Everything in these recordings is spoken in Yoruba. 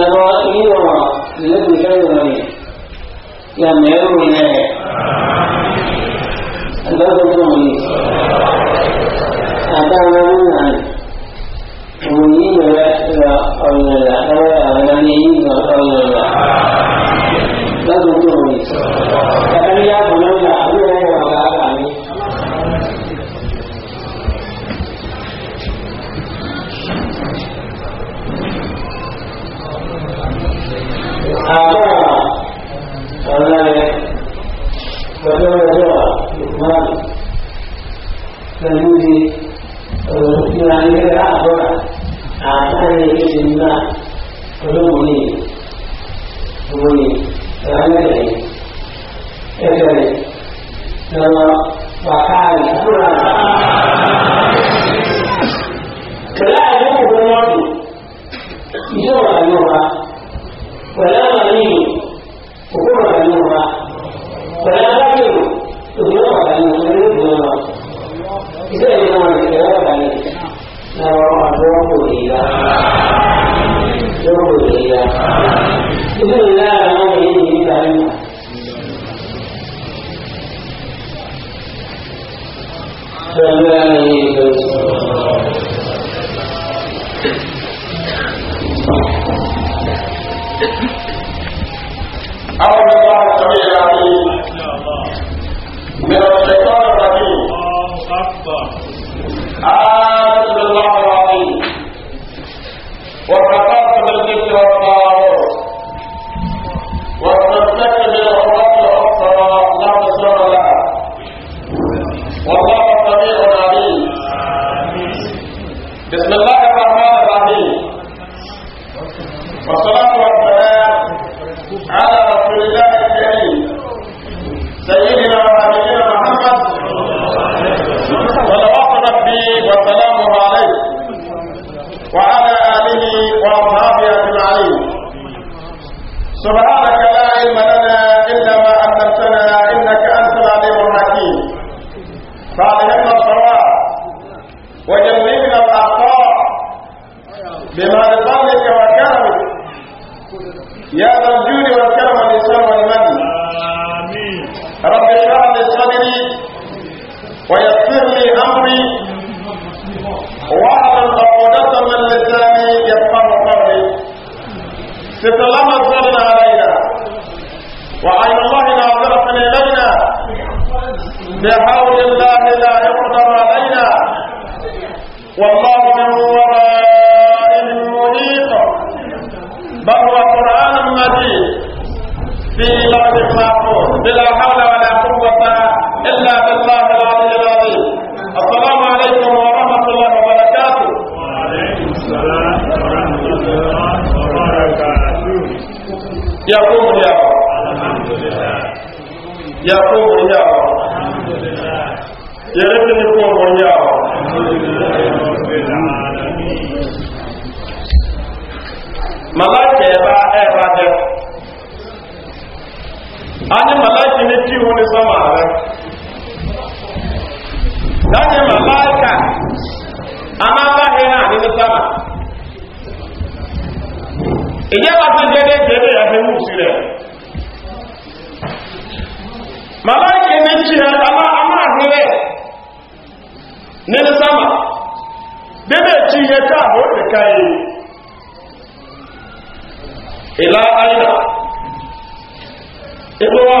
ကျွန်တော်အင်းတော်လက်ကိုဆိုင်တော်နဲ့ပြန်မဲလို့နဲ့ ya kowa yawa ya rufe eh, eh, ni kowa yawa malaka ya ba a yaba da an yi malaki ne mention ama ama ahwere ne ne sama bebe ti ye ta ho de kai ila aida ebo wa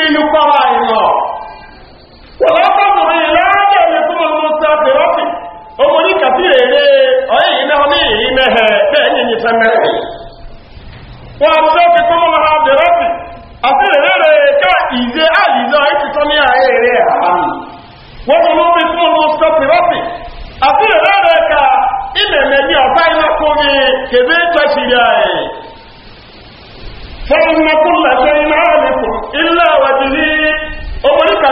mẹ́rẹ̀ wọ́n tó kí kó mọ́ ha bẹ̀rẹ̀ sí àti ìrẹ́rẹ̀ ká ìzẹ́ àìzọ́ ìtìtọ́ ní ààrẹ rẹ̀ àmì wọ́n tó mú bí fún un tó pè rọ́pì àti ìrẹ́rẹ̀ ká ilẹ̀mẹ̀ ní ọ̀tá iná kún ní kèbé tẹ̀sìrì ààrẹ fọ́n mọ́ kún lẹ́sẹ̀ iná àlẹ́kù ilẹ̀ àwàjì ní omori na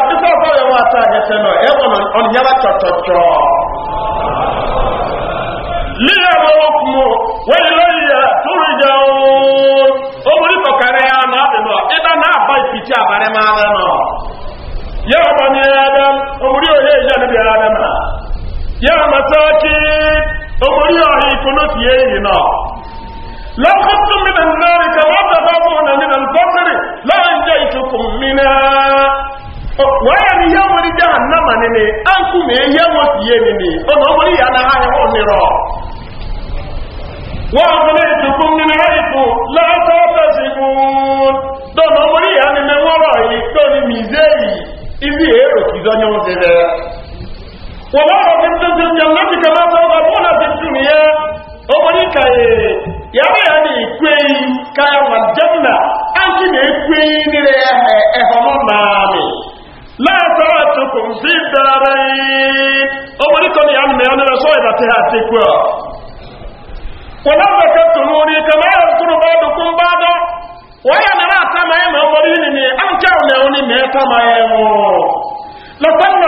lila mọ̀lọ́kùn wẹ́lẹ́ yẹ tóri jẹ ooo omori kọkari ya na ọdị nọ na aba ipichi abalị ma ada nọ ya ọgbanye ada omori ohe eji anabi ada na ya amata ki omori ohe ikono si eyi nọ لو خفتم من النار كما تخافون من البصر لأنجيتكم منها wọ́yẹ̀ ni yẹ́ ihe ní jẹ́ ànámà nínú áńkù mi yẹ́ wọ́n sì yé na ọ̀nà ọmọ yìí anáhà na nírọ̀ wọ́n fún ní ìtùkún nínú ẹ̀kù lọ́tọ́ tẹ̀síkún lọ́nà ọmọ yìí anínú wọ́rọ̀ yìí tó ní mìzéyì ibi èrò kìzọ́ ní oúnjẹ rẹ̀ wọ́n fi ti yẹ yà wà látàtùkùn sí dáre ọmọdékọ́ ni àmì ọ̀nà sọ ìdàtí àti pẹ́ ọ̀ wọ́n náà orí kẹmọ́ ẹ̀rọ bá dùkún bá dọ́ wọ́n yà àtàmà ẹ̀mọ̀ ọmọdé ní ní àǹkẹ́ ọ̀nà òní mẹ́ẹ̀tàmà ẹ̀mọ̀ lọ́pẹ́lú ọmọdé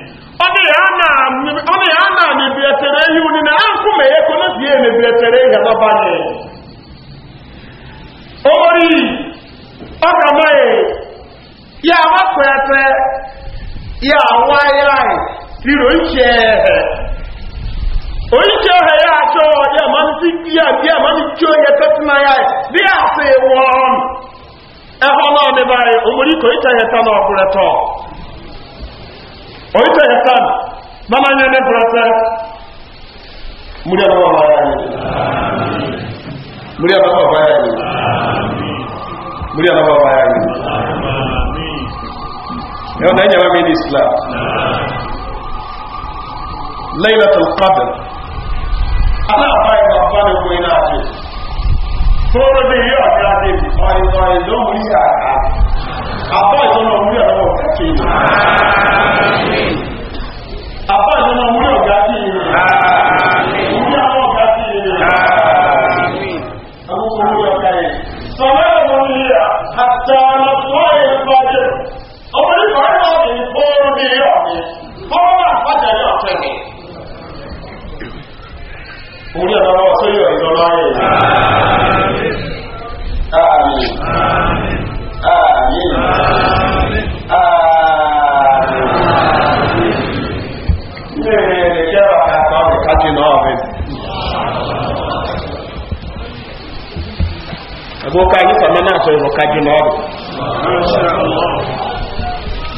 ọdịrị a na-emebietere ihe unyi na nkume ego na si emebietere ihe n'ọbanye ori ọkamaghị ya awakwete ya awa ya riro iche ehe oyiche ehe ya achọ ya amanisi ya ya amanisi onye tetina ya dị ya asị wụọ ọnụ ẹhọ náà níbàáyé omori kò í tẹ̀yẹ̀ tán náà ọkùnrin tán. oyita mama bana nyane brata muri aba baba yani muri aba baba yani muri aba baba yani yau na yawa min islam lailatul qadr ana bai ma bana ko ina ce ko da bi ya ga dai ai ai don muri sa a ba to no muri aba baba ce ìwọ kájú náà rò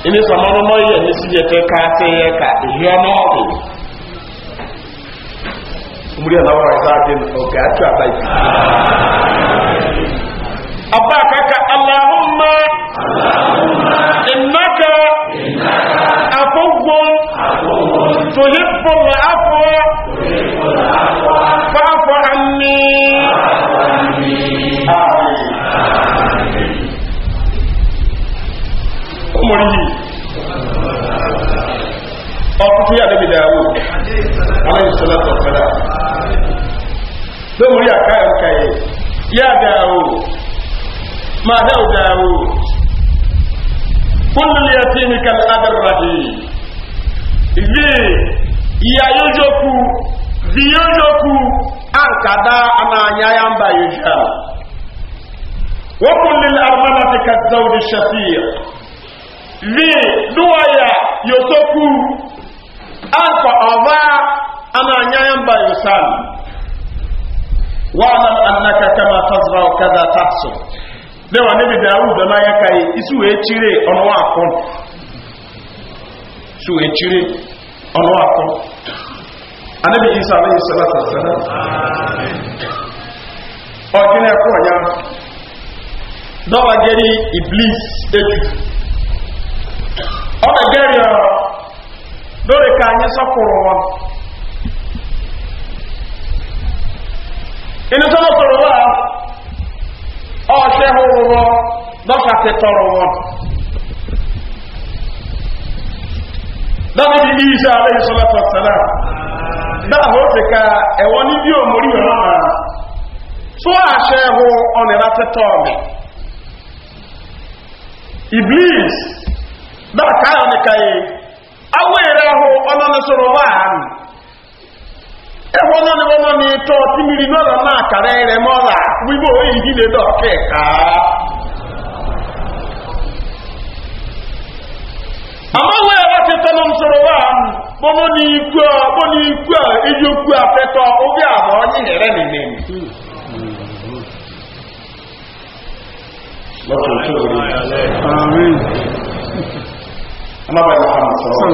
ilé sọmọdé mọ yẹ ní síbi ẹtọ ká sí yẹ ká èyí ọmọ rò múlẹ̀ náà wọ́n ẹ̀sá àti ọ̀gá àti àbá yìí ọba àkàkà aláhùnmá ìnáka àfọwọ́ tòyí pọ̀lọ̀ àfọ́ kumori yi ọkùnrin yà níbi dáwò aláìsọ́lá tọ̀fẹ́lá lóòrí àkáyọ̀ káyẹ̀ yà dáwò máa dáwò dáwò kúlù lè ti ní kàlẹ́ adàrúdàdì ìdí ìyá yóò jókù bí yóò jókù àǹkàdá àmà àyáyá ń bá yóò jà wọ́n kúlù lè armánà ti kà vi duwaya yosoku anko ova ana nyamba yosal wa'lam annaka kama tazra'u kadha tahsul dewa nabi daud na yakai isu echire ono akon su echire ono akon anabi isa alayhi salatu wassalam amen ojina ko ya dawa geri iblis eju ọmọ gẹ́rì ọ̀rọ̀ lórí ka anyị sọpụrụ wọn inú sọ́nà sọ̀rọ̀ wà ọ̀ṣẹ́ hụrụ wọn dọ́kàtì tọrọ wọn dábìbì ní iṣẹ́ alẹ́ ìṣọ́lọ́tọ̀ sẹ́lá dáhù ó ti ka ẹ̀wọ́n ní bí òmòrí ọ̀rọ̀ náà tó àṣẹ hụ ọ̀nà ìrátẹ́tọ̀ ọ̀mì iblis dara ka ayọ nika yi awo ere ahụ ọnọ na soro ọba ahụ ẹhụ ọnọ na ọnọ na mmiri timiri na akara ere ọla wibo oyi hi na edo ọka ịka na soro ahụ bọmọ n'ikwu a a eji okwu abụọ onye anábàá muhammad sọ̀rọ̀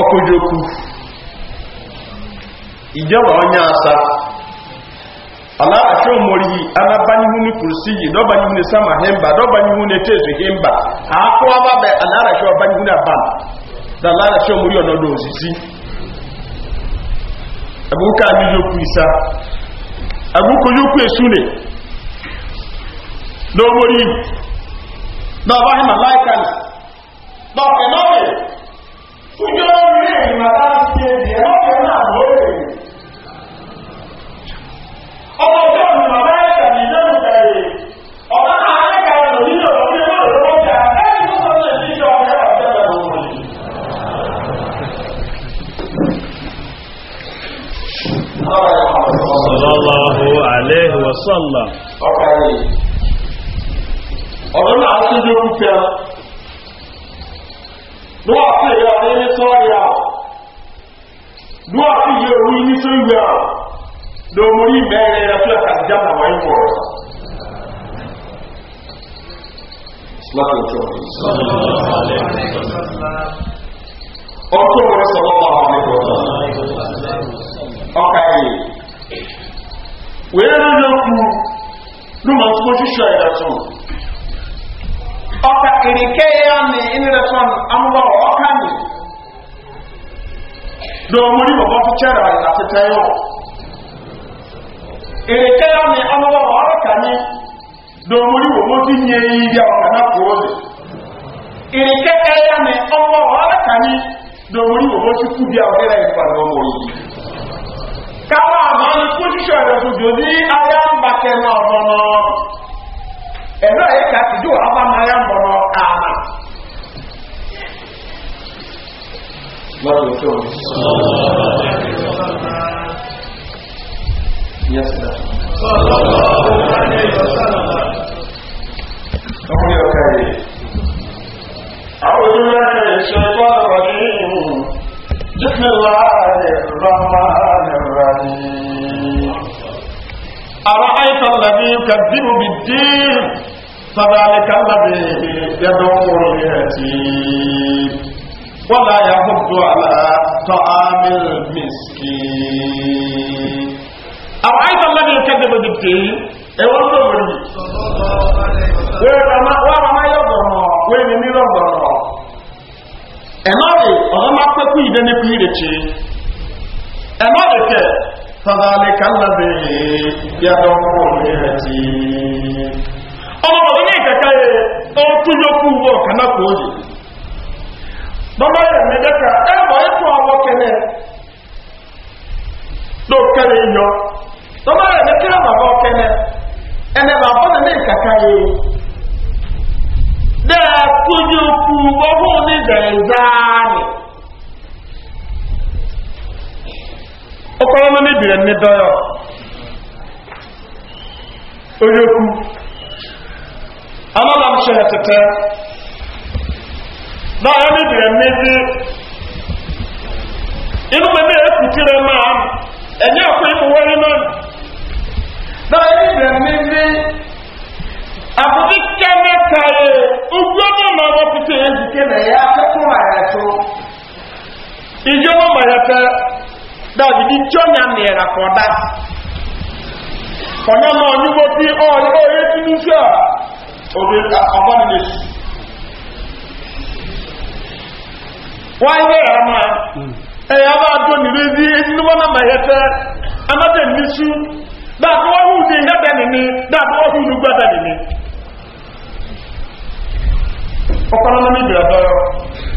ọkọ̀jú okú ìjọba onye asa aláàṣọ mọ̀rí alábánihu ní kùrùsí yìí mba ní sáma hemba dọ́bánihu ní tẹ́sù hemba àákọ́ abábẹ̀ aláàṣọ abánihu ní àbá da aláàṣọ mọ̀rí ọ̀nọ́dọ̀ òsìsí agbókà dọ̀bá ní màláìka nì dọ̀kẹ̀ lọ́rẹ̀ fújọ́ orí èyí màtá ti èdè ẹ̀lọ́kẹ̀ náà lórí ọmọ ọjọ́ ní màláìka nì lẹ́nu tẹ̀lé ọ̀dá àárẹ́ka rẹ̀ nínú ọ̀rọ̀ ọrụ ọrụ ọrụ ọ̀rọ̀ náà ti di orúkẹ́ ọ ló wà sí ìyá ọ̀rẹ́ ní sọ́ọ̀rì à ló wà sí ìyá òru ní sọ́ọ̀rì à ló mú ní mẹ́rin rẹ̀ fún ẹ̀ka ìjà náà wáyé pọ̀ rẹ̀. ọtún wọn sọ̀rọ̀ ọ̀hún nígbà ọ̀ka yìí wẹ́ẹ́rẹ́ náà kú ló máa ń tó ṣíṣọ́ ẹ̀dá tún ọka erike ya ni inire son amúlọ ọka ni dọ̀ọ̀mọ́ ní bọ̀bọ̀ tó kyẹ́rẹ̀ àyè àti tẹ́yọ̀ erike ya ni amúlọ ọka ni dọ̀ọ̀mọ́ ní bọ̀bọ̀ tó nyẹ yìí bí ọ̀ka náà kúrò lè erike ya ni amúlọ ọka ni dọ̀ọ̀mọ́ ní bọ̀bọ̀ tó kú bí ọ̀ka náà ìgbà lọ́wọ́ yìí káwọn àmọ́ ní kúndíṣọ̀ rẹ̀ fún jòdì ayé àmbàkẹ́ náà ọ̀nà ẹ̀rọ ayé ká ti dùn ọba máa yá mbọ̀rọ̀ àmà. lọ́dọ̀ tó ń ọkùnrin ọ̀ka yìí. àwọn olùdókòwò ṣe ń bọ́ بسم الله الرحمن الرحيم are item that be im catch dino be dey him tada aleika labe dem don put on me head ehh what do i have to do ala taa mail me skii am item that be im catch dino be pay ehh what tori where amayo go mark where di mirror go mark emmari olamakokwu ide nipoli dey change فذلك الذي يدعو اليتيم ọmọ ní ìkẹ̀kẹ́ ohun tó yókù wọ kanáàkù òyì bọ́bá yẹ̀ mẹ́jẹ́kà ẹ̀bọ̀ ẹ̀kọ́ ọmọ kẹlẹ̀ ló kẹlẹ̀ yọ bọ́bá yẹ̀ mẹ́kẹ́ bàbá kẹlẹ̀ ẹ̀nẹ̀ bàbá ní ní ìkẹ̀kẹ́ yìí dẹ́ẹ̀ tó yókù wọ́n ní ìdẹ̀ ìzáàlì ọkọrọ na mebiri nne dọya onye okwu anọla m chere tete na ya mebiri mmezi inú mẹ́mí ẹ̀kùtìrẹ máa ma enye ìmúwẹ́rí náà na ya mebiri mmezi àbúrú kẹ́mẹ́ kàrẹ̀ ojú ọmọ ọmọ ọmọ ya na ya ya dọ́ọ̀dì bí tí ó nyà nìyẹ̀rà kọ̀ọ̀dá ọ̀nyà náà nyúgbó tí ọ̀yẹ́ ọ̀yẹ́ tí mú fíà òbí ọ̀bọ̀nìyẹ sí wọ́n yẹ ẹ̀rọ máa ẹ̀yà bá dọ́ nìrí sí ẹnumọ́ náà mà yẹ tẹ́ amábẹ́ ní sú dáàbò wọ́n hù ní ẹ̀bẹ̀ nìní dáàbò wọ́n hù ní gbọ́dọ̀ nìní ọkọ̀ náà ní ìbìrẹ̀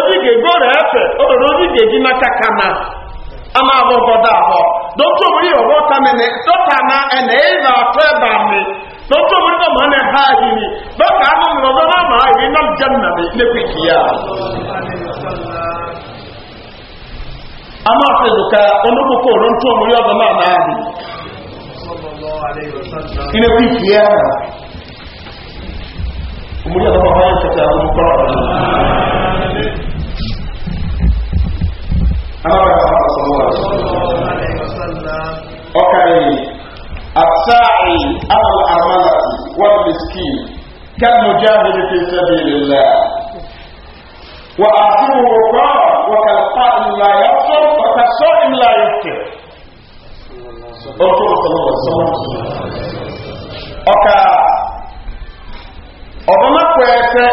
ozige gore efe ororo ozige gị n'aka kana ama abụbọdo ahụ dọkta omori ọgbọ tamene dọkta na ene ịza atọ ebe amị dọkta omori na ọmụ ha ahịrị dọkta anụ mụrụ ọzọ na ama ahịrị na mjem na mị n'ekwiki ya ama afọ ịzụka onukwukọ oru ntụ omori ọzọ na ama ahịrị n'ekwiki ya omori ọzọ na ọhụrụ nkịta ọhụrụ nkọrọ ọhụrụ ọkàrin àtàrí àwọn àmàlàtì wọ́n mìskì kẹ́lù jáde fi sẹ́bi lélẹ̀ wọ́n àtúwò rọ́ wọ́kàtà ìlà yàtọ̀ wọ́kàtà ìlà yàtọ̀ ọkọ̀ ọ̀sán ọkà ọ̀dọ́mọ̀pọ̀ ẹ̀sẹ̀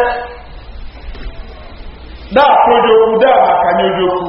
dáa kójókù dáa màkà ní ojókù.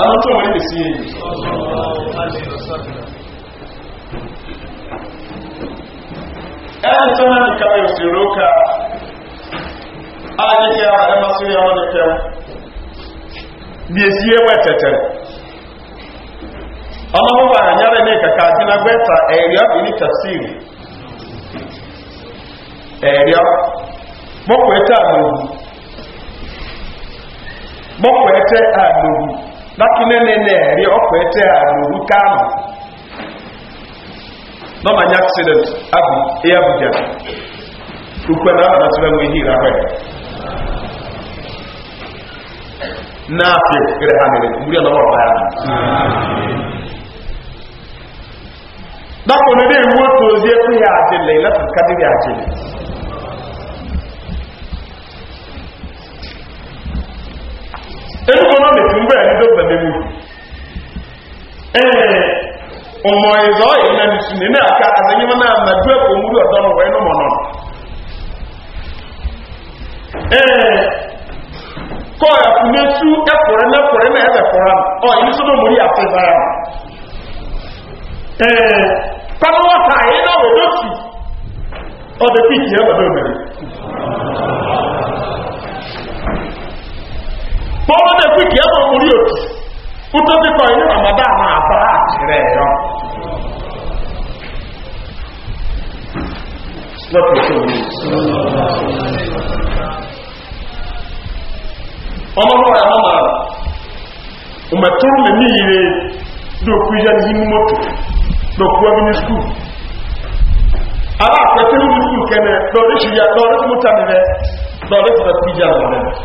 àwọn tó wọ́n lè sí èyí ẹni tó náà nìkan yóò sì rókà ayẹyẹ àwọn ẹmọ sí ẹwọ́n nìkan bí èsì ẹwẹ́ tẹ̀tẹ̀ ọmọ bọ́bá àyàrẹ̀ ní kàkà àjínà ẹ̀rọ ìní tafsiri ẹ̀rọ mọ́kù ẹ̀tẹ́ àgbòrò lakinene nẹẹri ọkọ ẹtẹ àlòrú kánò lọ́mà ní accident abu eya abuja ukwu ẹ̀ náà nàtúrà mú ihe ìrà wẹ̀ náà fi kiri ha mèrè múrí ọ̀nà wọ̀ báyà lọ́kùnrin ní ìwú otu ozi ekwu ya àjẹlẹ̀ ìlẹ́tùkadìrì àjẹlẹ̀ economic mgbe a ndị obadebe ee ụmụ ịzọ ọyị na ntune na-aka azanyema na na due ka omuru ọdọ nọ wee nụmọ nọ ee kọọ ya kwụ n'etu ekwere na ekwere na ebe kwara ọ ya nso na omuri ee kpanawa ka anyị na wedotu ọ dị piti ya wedo bọ́ọ̀lù dẹ̀ fi kìí ẹ̀mọ̀ orí òtù kútó ti kọ̀ ilé ramadan máa bá àtìrẹ̀ ẹ̀rọ. ọmọ bọ́ọ̀ ẹ̀mọ́ náà ọmọtúrú lè ní ire lóòkú yá ní mọ́tò lóòkú ẹbí ní skul aláàpẹ̀tẹ́lú ní skul kẹ́nẹ̀ lọ́ọ̀rẹ́sì yá lọ́ọ̀rẹ́sì mọ́tà nílẹ̀ lọ́ọ̀rẹ́sì rẹ̀ píjà lọ́ọ̀rẹ́sì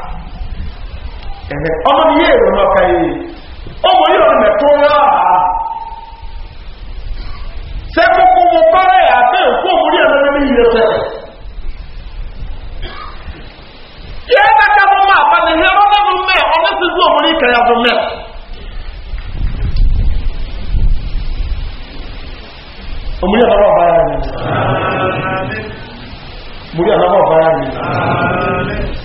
ọmọ mi yé èrò lọ́ka yìí ọmọ yìí ọ̀nà tó yá àá mo bára àti èkó mo rí ẹ̀rọ ní ilé tẹ̀. yẹ ẹ bá ká fún mi àpàdé ọmọ náà fún ọmọ sì fún ní ìkẹyà fún mi. òun yẹ lọ́wọ́ báyà ni mo rí ẹ̀rọ báyà ni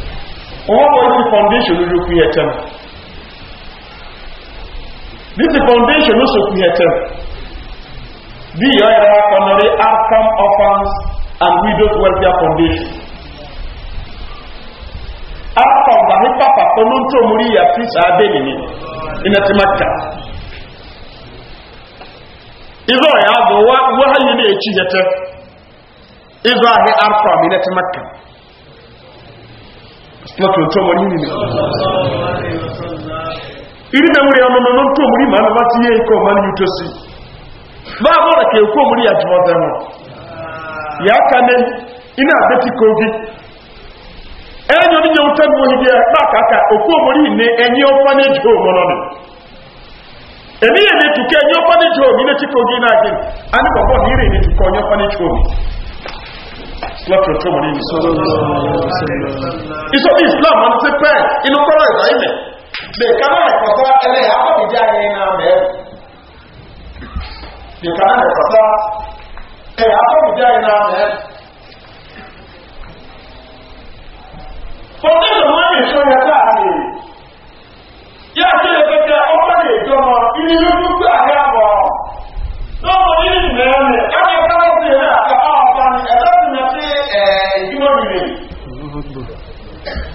wọ́n wọ́n ti foundation lórí okùn yẹn tẹ́m ní ti foundation ló sọkùn yẹn tẹ́m bí ìyá ẹ̀rọ akọ̀nàrí outcome orphans and widows welfare foundation outcome bá ní pápá pẹ̀lú tó mú rí yàtí sàádé nìní iná ti máa jà ìzọ̀ ẹ̀yà àgbọ̀ wọ́n hàn yìí ní èkí yẹtẹ́ ìzọ̀ àhẹ́ outcome iná ti máa mafi otu ọmọ nini ni iri na nwere ọmụmụ na otu omuri ma anụma tinye nke ọma na uto si ma abụọ na ka ekwu omuri ya jụmọta nọ ya aka ne ị na-abeti ka oge enyo ndị nyewute bụ onye gị na aka aka okwu omuri ne enye ọkwa na ejo omuru ọnụ emi ya na-etuke enye ọkwa na ejo omuru ịnechi ka oge na-adị anyị bụ ọkwa na ire na-etuke onye ọkwa na ejo omuru láti ọ̀tọ́ mọ̀ ní It's ìsọ́lọ́ islam and a a prayer. The wọn ti pẹ́ inú kọ́rọ̀ ìgbà ilẹ̀ lè ká náà ẹ̀kọ́sá ẹlẹ́ àbọ̀dìjà ẹ̀yìn náà mẹ́rin lè the náà ẹ̀kọ́sá ẹ̀yìn àbọ̀dìjà ẹ̀yìn náà mẹ́rin. fọ́nà ìlú wọn a sọ yẹn káàkiri yá sí ẹgbẹ́ ọgbọ́n ìjọba ìrìnnú gbogbo àyà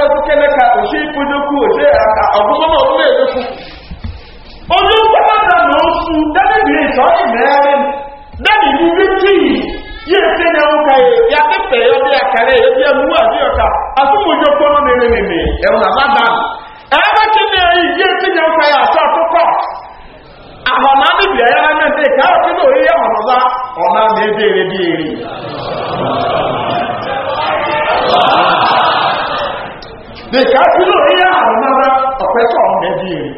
ẹgbẹ́ fúnkẹ́ mẹ́ka òṣì ìpínlẹ̀kù òṣè àgbọ́gbọ́n ọdún èdèkù ojú pẹ́pẹ́ta ya ń su dẹ́bìbì ìtọ́ ìmẹ́rin dẹ́bìbì wíkì yíè ṣe ní ọkà yà pẹ́pẹ́ ọdún àkàrẹ́ ẹbí ẹmú àti ọkà àtúmọ̀jọ pọ́nà mẹ́rin mẹ́rin ẹ̀wọ̀n the capital area of another oppressor of Nigeria.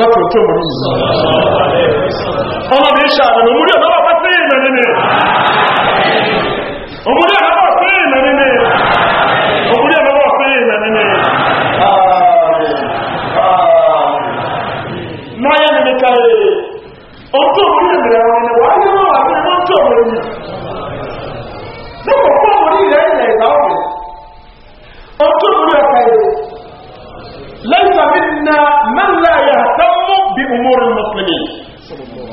Lọ́pọ̀ tó mú ní ìsọ̀. Ọmọ mi ṣàbẹ̀wò, òmúrí ọ̀dọ́wọ̀ pẹ́ sí ìmẹ̀ nínú. Òmúrí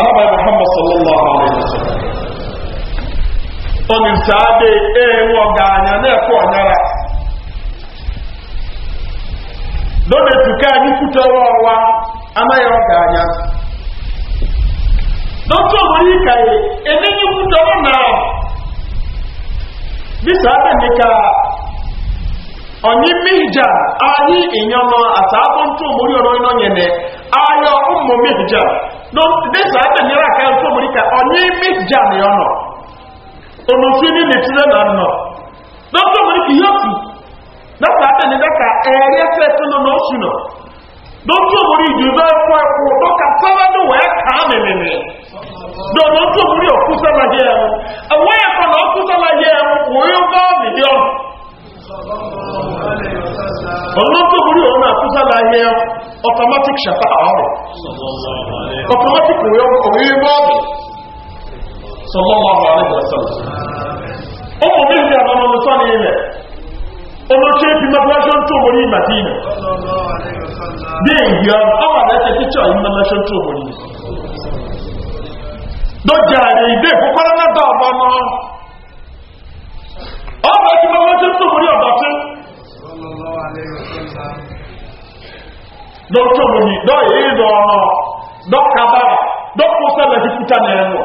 araba muhammad sallallahu alaihi wasallam onim saade ewo anya na ko anyara do de tuka ni kutowa wa amayo ganya do to mori kai enenyi kutowa na bi saade nika onye mihija anyị inyọnọ asa abụ ntụ omori ọrọ ayọ ụmụ desa atanyere aka nso mu dika ɔnye mi gya ne ɔnɔ onofin ne na tire na ɔnɔ dɔkita mu dika yotu dɔkita atanyere daka ɛyɛ fɛte no na osu no dɔkita mu dika idze ɛkɔ ɛkɔ dɔkita sábà ne wɔ ɛka amememe dɔkita mu dika ɔkusa na yɛ ɛmu ɛwɔ ɛkɔ na ɔkusa na yɛ ɛmu wɔyɛ ɔbaa ọ̀nà tó borí òun náà kú sálà ihe automatic ṣàfà àárọ̀ automatic òwe bọ́ọ̀bù sọlọ́mọ àwọn àrẹ́gbẹ̀rẹ̀ sọ̀rọ̀ ọmọ mi ní àwọn ọmọ tó ní ilẹ̀ ọmọ tó fi mọ́tíláṣọ́ tó borí ìmàdínà bí èyí ọmọ àrẹ́sẹ̀ tíṣọ́ ìmọ̀láṣọ́ tó borí dọ́jà èdè ìfọ́kọ́rọ́ náà ọ̀rọ̀ tí wọ́n wọ́n tí ń tó mú ní ọ̀dọ̀ tí dọ́tọ̀ mú ní dọ́yẹ̀ ìdọ̀ ọ̀nà dọ́kàbára dọ́kùn sẹ́lẹ̀ ti kúta ní ẹnu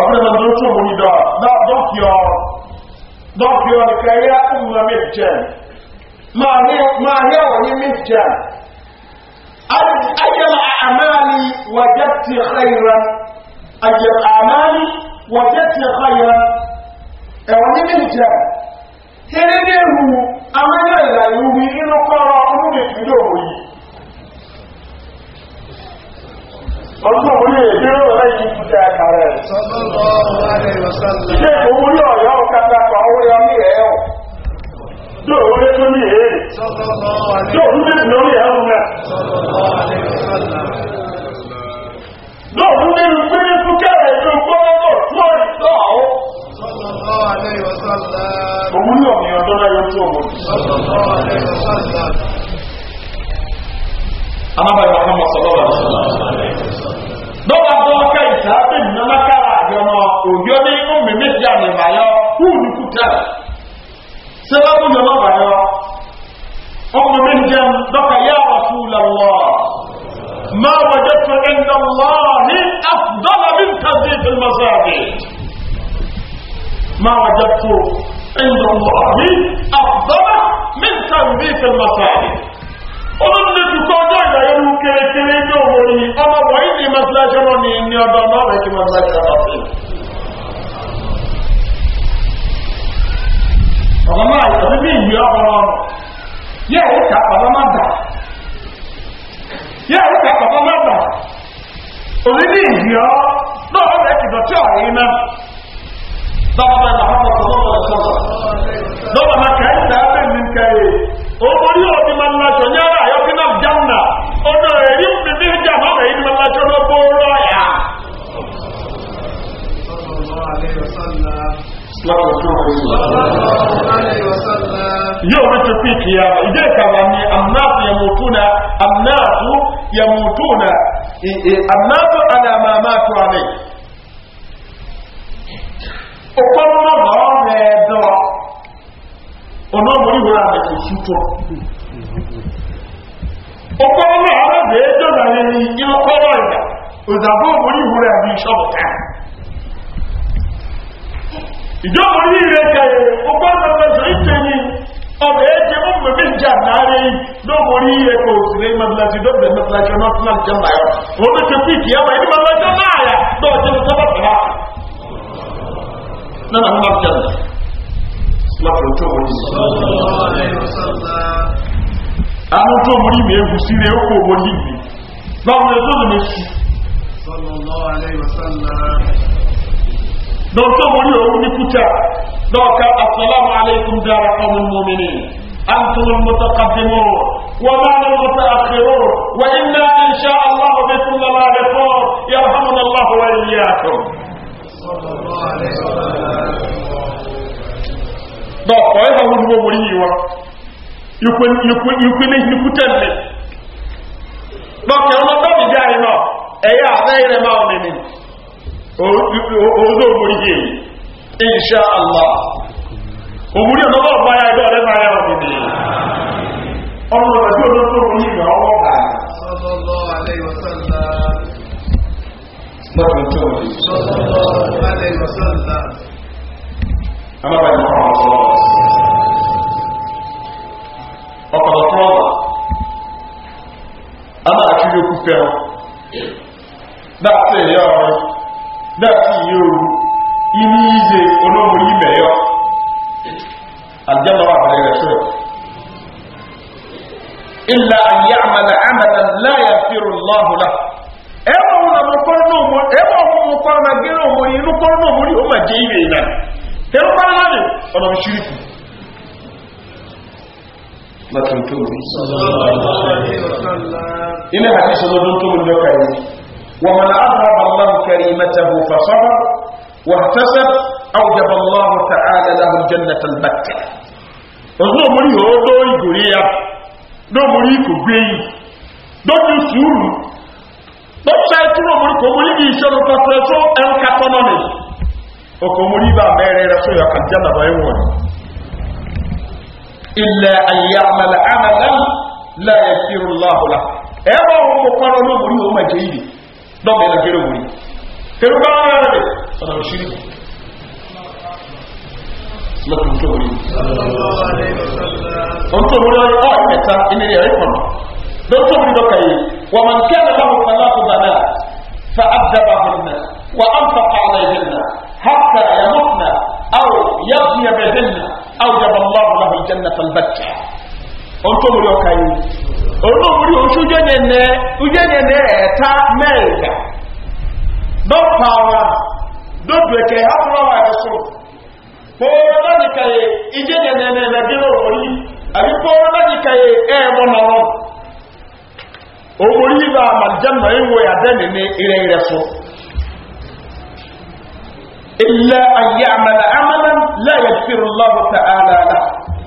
ọ̀pọ̀lọpọ̀ dọ́tọ̀ mú ní dọ́kìọ́ ìkẹyà ìwúra méjìjẹ́ máa ní ọ̀wọ̀ ní méjìjẹ́ أجمع أعمالي وجدت خيرا أجر الأعمال وكتل خيرا أولي من جاء تريده أما لا يؤمن قرى أمي بدوري Ọdún òun lè dúró lẹ́yìn ìfúta àkàrẹ. Ṣé òun yóò yọ ọ̀kadà pa owó yọ ní ẹ̀ ọ̀? Ṣé òun lè ní ẹ̀ kẹ́rẹ̀ tó gbọ́dọ̀ tó ẹ̀dọ́ ọ́. Òun ní ọ̀mì ọ̀dọ́ láyé tó ọmọ. Anábàá ìwà kan mọ̀ sọ́dọ̀ wà lọ́sọ̀lá. Dọ́gba dọ́gba ká ìta pé nínú kára àjọmọ òjò ní dọ́kà yá wà fún Máa wọ̀jọ́ tó ẹ̀ ń من تنظيف المساجد ما وجدت عند الله أفضل من تنظيف المساجد ọdún ní tukọ̀ ọjọ́ ìdáyẹ̀wò kékeré ní òwò yìí ọmọ wọ̀nyí ní mọ́síláṣẹ́ wọn ní ní ọdọ ọmọ rẹ̀ kí mọ́síláṣẹ́ wọn fi ọmọ náà yọ̀ ní ìwé ọmọ yẹ́ ẹ̀ka ọmọ náà dà yẹ́ ẹ̀ka ọmọ náà dà òní ní ìhìọ́ náà wọ́n bẹ̀ẹ́ kìdọ̀tí ọ̀rẹ́ iná lọ́pàá bá bá bá bá sọ́sọ́ lọ́pàá bá kẹ́ ẹ̀ta ẹ̀fẹ́ mi kẹ́yẹ omori òní máa ń lọ́sọ̀ ní ara àyọ́kí náà jẹ́mùnà ọdún rẹ̀ yóò fi ní ìjà náà rẹ̀ yìí máa lọ́sọ̀ ló bó rọ̀ anáàtò àdàmà máa tó àmì ọ̀pọ̀ náà lọ́ọ́ rẹ̀ dọ́ ọ̀nà mọ̀ríwò àmì ìṣútọ́ ọ̀pọ̀ náà rẹ̀ dẹ́ dọ́dà rẹ̀ ní ilọ́kọ́ ọ̀dà òzàbọ̀ mọ̀ríwò rẹ̀ àmì ìṣọ́bọ̀ká ìjọ́ mọ̀rí rẹ̀ kẹ̀yẹ̀ ọ̀pọ̀ náà rẹ̀ ọmọ ẹjẹ wọn mọ bí jà náírà yìí lọ́wọ́ orí yẹ kò sí ní mọ́tíláṣí lọ́bẹ̀ mọ́tíláṣí mọ́tíláṣí jẹ́ báyọ̀ wọn bẹ tẹ̀sí ìkì ẹwà ẹni mọ́tíláṣí náírà lọ́wọ́ jẹ́ lọ́sọ́ bá fẹ́ náà náà wọ́n jẹ́ lọ́pọ̀ tó wọ́n yìí. àwọn tó wọ́n yìí mẹ́ẹ̀kú sí rẹ̀ ó kó wọ́n yìí báwọn ẹ̀ dɔwɔtɔ mɔni o ni kuta dɔwɔka asalaamu aleykum dara kɔmi mɔmini antum mutaqaddimun wa ma'ana mutaakhirun wa inna insha Allah bikum lamaariqun yarhamuna Allah wa iyyakum dɔwɔkɔ e ka wuli bɔ mɔni yi wa yukun yukun yukun ne yukuta ne dɔwɔkɛ ɔmɔ dɔw bi jaayi nɔ ɛ y'a bɛɛ yɛrɛ maa o nɛnɛ òwúrò òmúrí yìí inṣá allah òmúrí ọ̀nà ọ̀bá ya ẹgbẹ́ ọ̀lẹ́bà ya ọ̀dìdì ọmọ ọ̀dọ́ ọdún tó mú yìí ọwọ́ bá sọ́lọ́lọ́ alẹ́yọ̀sọ́lá sọ́lọ́lọ́ alẹ́yọ̀sọ́lá ọkọ̀dọ̀ tọ́lọ̀ a máa kí ló kú fẹ́ ọ dáa sí ìyá ọ̀rẹ́ dati yoru ini ize onomu yi meyo aljanna wa bare da shuru illa an ya'mala amalan la yaghfiru Allah la ebo na mo ko no mo ebo mo ko na gero mo yi no ko no mo ri o ma je ibe na tero pa na ni ono mi shiriku la tuntu sallallahu alaihi wasallam ina hadisi ومن أظهر الله كريمته فصبر واحتسب أوجب الله تعالى له جنة البتة ọ̀sán òmúrí ó ló ìgòrí ya lóòmúrí kò gbé yìí lójú sùúrù ó ṣe túnrò òmúrí kò múrí ní iṣẹ́ ló tọ́tọ́ tó ẹn kakọ́ náà nì ọkọ̀ múrí bá mẹ́rẹ̀ rẹ̀ fún ìyàkà jẹ́ bàbá ẹ̀wọ̀n ilẹ̀ ayé àmàlà àmàlà láyé fírùláhùlá ẹ̀wọ̀n òkú pọ́nrọ́ lóòmúrí ó mẹ́jẹ yìí دوم يلا كيرو بوري كيرو كارا كارا كارا كارا كارا كارا كارا كارا كارا كارا كارا كارا كارا ومن كان له ثلاث بنات فأبدبهن وأنفق عليهن حتى يمتن أو يغني بهن أوجب الله له الجنة البتة. أنتم اليوم كاين olóòmùrí oṣù jẹ́nẹ̀nẹ̀ ujẹ́nẹ̀nẹ̀ ẹ̀ta mẹ́rìnlá lọ́pàá lójú ẹ̀kẹ́ hapúrọ̀wà ẹ̀ṣọ́ pòórọ̀ lọ́nìkàyè ijẹ́nẹ̀nẹ̀ nàìjíríà òmùrí àbí pòórọ̀ lọ́nìkàyè ẹ̀ẹ̀mọ́ nọ̀rọ̀ òmùrí ibà àmàlìjẹ́mà ìwò àdẹ́nìní ilẹ̀ ilẹ̀ sọ ilẹ̀ ayé àmàlà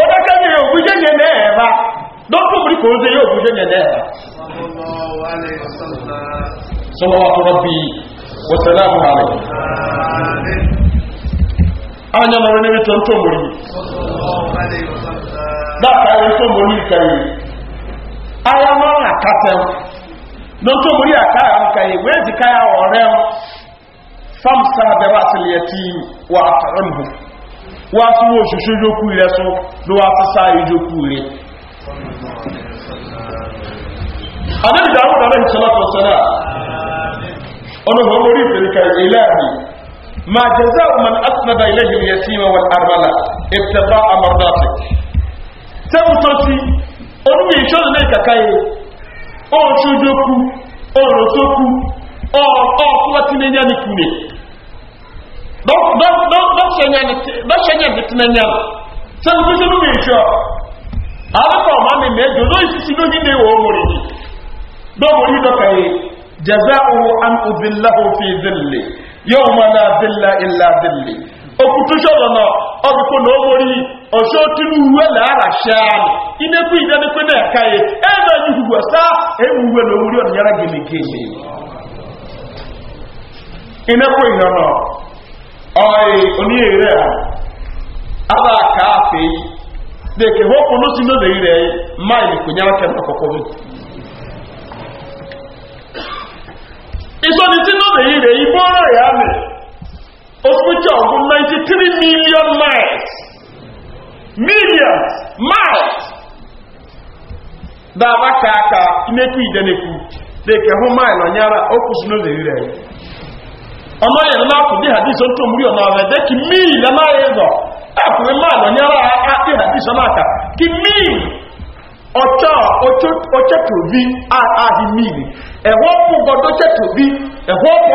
ọ̀dọ́kẹ́ ní ògúnjẹ́ yẹn lẹ́ẹ̀ẹ́bá dọ́kọ̀ orí kò ń se yóò ògúnjẹ́ yẹn lẹ́ẹ̀ẹ́bá sọ́wọ́wọ́ rọ́bí wọ́sẹ̀láàmù ààrẹ anyamọ̀rọ̀ ní ètò tó mọ̀rí dákàrí tó mọ̀rí ìkẹyì ayamọ́ àkátẹ́m lọ́tọ́ mọ̀rí àkáyà ìkẹyì wẹ́ẹ̀dì káyà ọ̀rẹ́ fámsà bẹ̀rẹ̀ àtìlẹ̀yẹ̀ tí wà àtàrẹ́ wá tí wọ́n ṣoṣo ìjókù rẹ̀ sọ ló wá ti sá ìjókù rẹ̀ adébìdá àwọn ọ̀dọ́ ìṣẹ́lọ́tọ̀ sẹ́lá ọlọ́gbọ̀n orí ìfẹ̀ríkà ilẹ̀ àmì ما جزاء من أسند إليه اليتيم والأرملة ابتغاء مرضاتك تبتوسي أمي يشوز ليك كاي أو شجوكو أو رسوكو أو أو قوة نينياني كوني bọ́ṣẹ́yàn ní tìmẹ̀yà tí ó tún ní ìṣọ́ àbúkọ̀ ọmọ mi mẹ́jọ ló ìsìsì ló ní ìwọ̀ omori ni lọ́wọ́ ní dọ́kàrí jẹ́zá owó an òbíláwò fi zílẹ̀ yóò mọ́ náà zílẹ̀ ilá zílẹ̀ òkútú ṣọ́lọ̀ náà ọdúnkọ́ ní omori ọ̀ṣọ́ tínú uwe na ṣáàmì inẹ́kú ìdẹ́nikú náà káyé ẹ̀ẹ́dà ní ìhùwẹ̀ sá ewúwe lórí ọ̀nà yára ọ̀rẹ́ oníyèrè rẹ̀ àbá aka yìí dèkè hókù ló ti lóde rẹ̀ máìlì kò nyára kẹta kọ̀kọ́ mi. ìsọ̀nì tí lóde rẹ̀ yìí bọ́ọ̀rọ̀ yà ya mere ọ̀gbọ́n ninety three million miles million miles dàbá kàkà inékù ìdẹ́nẹ́kù dèkè hó máìlì ọ̀nyára ó ọmọ yẹn lọ́nà àkùdé hadith tó múrí ọ̀nà ọ̀rẹ́ jẹ́ kí míì lọ́nà ẹ̀zọ̀ ẹ̀kùnrin máa lọ nyára àti hadith ọ̀nà àkà kí míì ọ̀tọ́ ọ̀chẹ́tòbí àti míì ẹ̀họ́ pọ̀ gọdọ̀ chẹ́tòbí ẹ̀họ́ pọ̀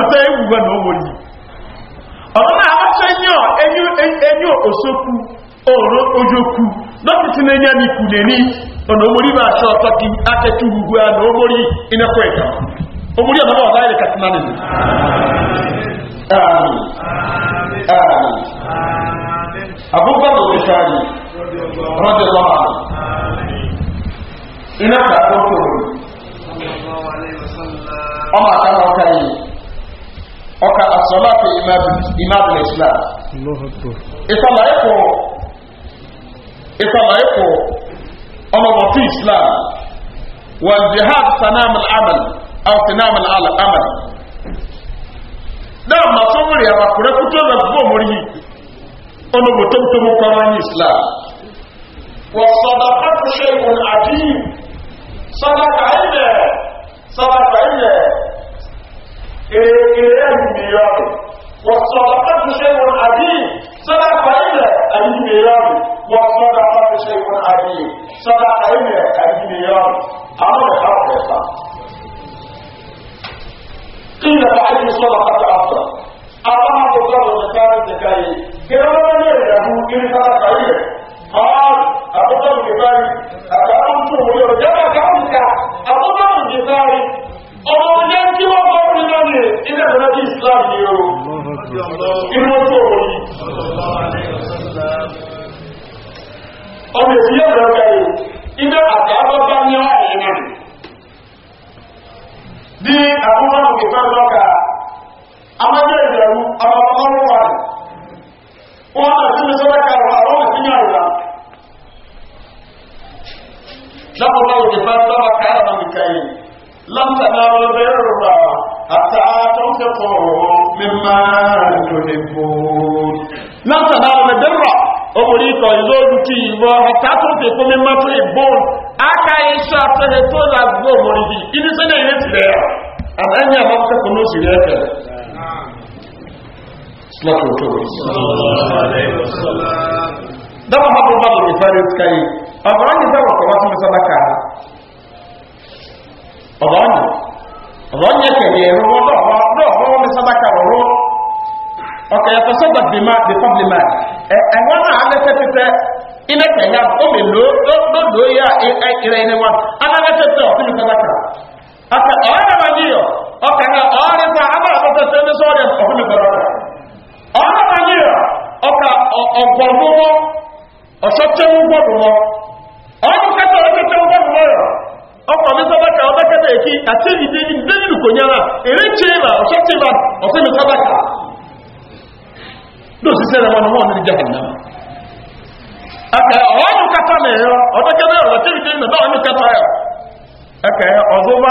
ọmọdé ọmọdé ọ̀nà àwọ́sẹ́ ẹni òṣòkú ọ̀rọ̀ ojókú lọ́pìtì ní ẹni kù lè ní ọ̀nà omori bá aṣọ ọ̀tọ́kí akẹ́kù gbogbo ànà omori inẹ́kọ̀ ẹ̀dà omori àmọ́bà ọ̀dá ilẹ̀ kàtìmá nìlú ọmọ yìí ọka asọlátì imáàbù islam ìsàlàyéfò ọmọbọ̀tí islam wọn jihad sanam al'amal al'asinam al'amal náà ma tó múrì àwọn akùrẹ́ kú tó lọ́gbọ́ mórí ọlọ́gbọ́ tó tó mú kọrọ ní islam wọ́n sọ́dá pàtàkì ṣe ìwọ̀n àdíyìn sọ́dá kàílẹ̀ sọ́dá kàílẹ̀ إليه ميرابي والصدقات شيء عظيم صدقة إلى أي ميرابي والصدقات شيء عظيم صدقة إلى أي ميرابي أمر حرب إسلام قيل فأي صدقة أفضل أقام الله زكاة الزكاة كرامة له إن صدقة إلى قال أقام الجبال أقام الجبال أقام الجبال ọmọdé tí wọ́n bọ́ orí lọ́nà ilẹ̀ ìrọ̀lẹ́ bí islam ni o inú tó orí ọmọ èsì yóò lọ gbẹ̀rẹ̀ iná àti abọ́bá ní ọ̀rẹ́ náà bí àwọn ọmọ ìfẹ́ lọ́kà amájẹ́ ìdẹ̀rú ọmọkọ́rọ̀ wà wọ́n náà sí sọ́rọ̀ kàrọ̀ àwọn òsìnyà rà lọ́pọ̀lọpọ̀ ìfẹ́ lọ́kà kàrọ̀ nìkan لن تنالوا البر حتى تنفقوا مما تحبون لن تنالوا البر ọmọdé ikọ̀ ìlú olùkí ìwọ ọ̀tá tó fi kún mímọ́ tó ìbọn aka iṣẹ́ àtẹ́lẹ̀ tó lágbó ọmọdé ìdí sínú ìrìn ti rẹ̀ àtẹ́yìn àbákẹ́kọ̀ọ́ ló sì rẹ̀ ẹ̀kẹ́ slọ́pù tó dábàá bá bọ́ bá lè fẹ́rẹ̀ káyé ọ̀pọ̀lọpọ̀ ìfẹ́ wọ̀kọ̀ ọ̀dọ́nyẹ ọ̀dọ́nyẹ kẹ̀yẹ ẹ̀rọ dọ́ọ̀rọ̀ ní sábàkà ọ̀rọ̀ ọ̀kẹ́ yàtọ̀ sọ́gbà bímá bí pọ́blímà ẹ̀wọ́n náà alẹ́tẹ́ títẹ́ iná kẹ̀yà omi lòdò yá ẹ̀kẹ́rẹ́ iná wọn alẹ́tẹ́ tẹ́ ọ̀fin ní sábàkà ọ̀kẹ́ ọ̀rẹ́ wa yíyọ ọ̀kẹ́ náà ọ̀rẹ́ ta abáàbọ̀tẹ́ sẹ́ni sọ́ọ̀rẹ́ ọ̀fin ní sábàkà ọ̀rẹ́ wa yíyọ ọ̀kẹ́ ọ̀gbọ̀n ọkọ̀ mi sọ́bàkà ọbẹ́kẹta èkí àti ìdí ìdẹ́lù kò nyára èrè chèèmà ọ̀ṣọ́ chèèmà ọ̀fẹ́ mi sọ́bàkà ló sì sẹ́rẹ̀ wọn wọn ní jẹ́hìn náà ẹ̀kẹ́ ọ̀ọ́nù kata mẹ́rọ ọ̀dọ́kẹ́lẹ́ ọ̀rọ̀ tí ìdí ìmẹ̀ náà ní kata ẹ̀ ẹ̀kẹ́ ọ̀dọ́wà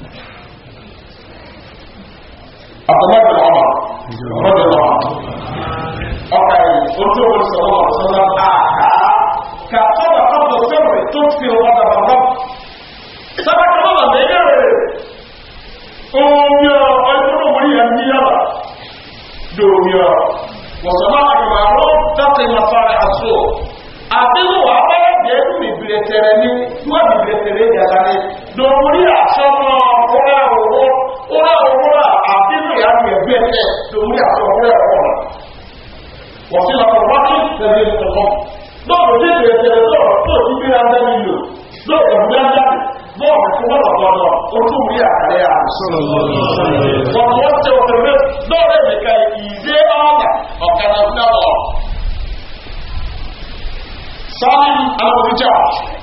abdullahi bin umar rọdọ lọ ọkà yìí ojú omi sọlọ ọsọlọ àká ka ọdọ ọdọ sẹwọn tó fi ọdọ bàbá sábà kí wọn bàbá yẹ rẹ omi ọ ọdún omi yẹn ní yàrá domi ọ wọsọlọ àgbà lọ dàtí ma fara àtúwò àbílù abẹ́rẹ́ bẹ́ẹ̀ ní bìbìrì tẹ̀rẹ̀ ní wọ́n bìbìrì tẹ̀rẹ̀ yàrá ní domi àṣọ náà kúrẹ́ òwúrọ̀ láti ẹ̀gbẹ́ ẹ̀ tó ní àtọ̀wọ́ ẹ̀kọ́ rẹ̀ wọ́n ti lọ́kọ̀ wákì tẹ̀lé ìtọ̀kọ́ lọ́kọ̀ tí ìpè tẹ̀lé lọ́rọ̀ tó ti gbé adé nílò lọ́kọ̀ gbé adé lọ́rọ̀ tó wọ́n lọ́kọ̀ọ́dọ̀ ojú mi àárẹ̀ àrùsọ̀rọ̀ wọ́n tẹ òkèrè lọ́rẹ̀ nìkan ìdé ọ̀gà ọ̀kadà fúnà lọ. sáà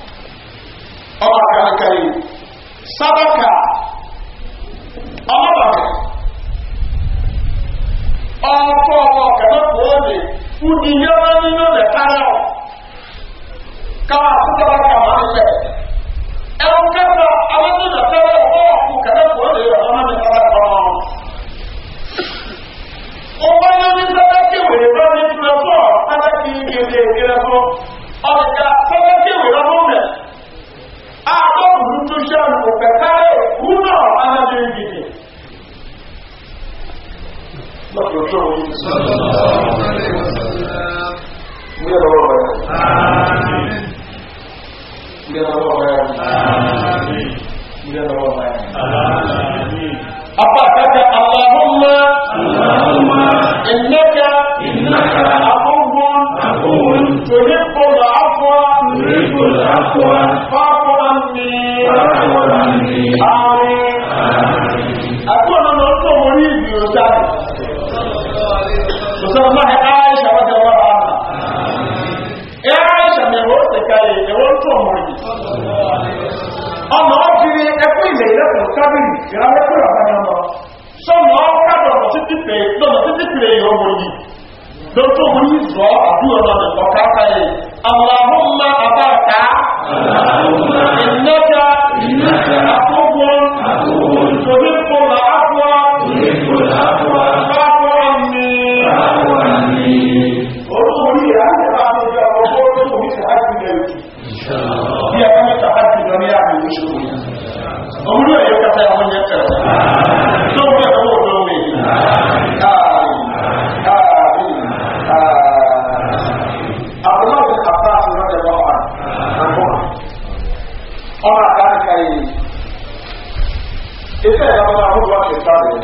àkókò wa ṣe sáré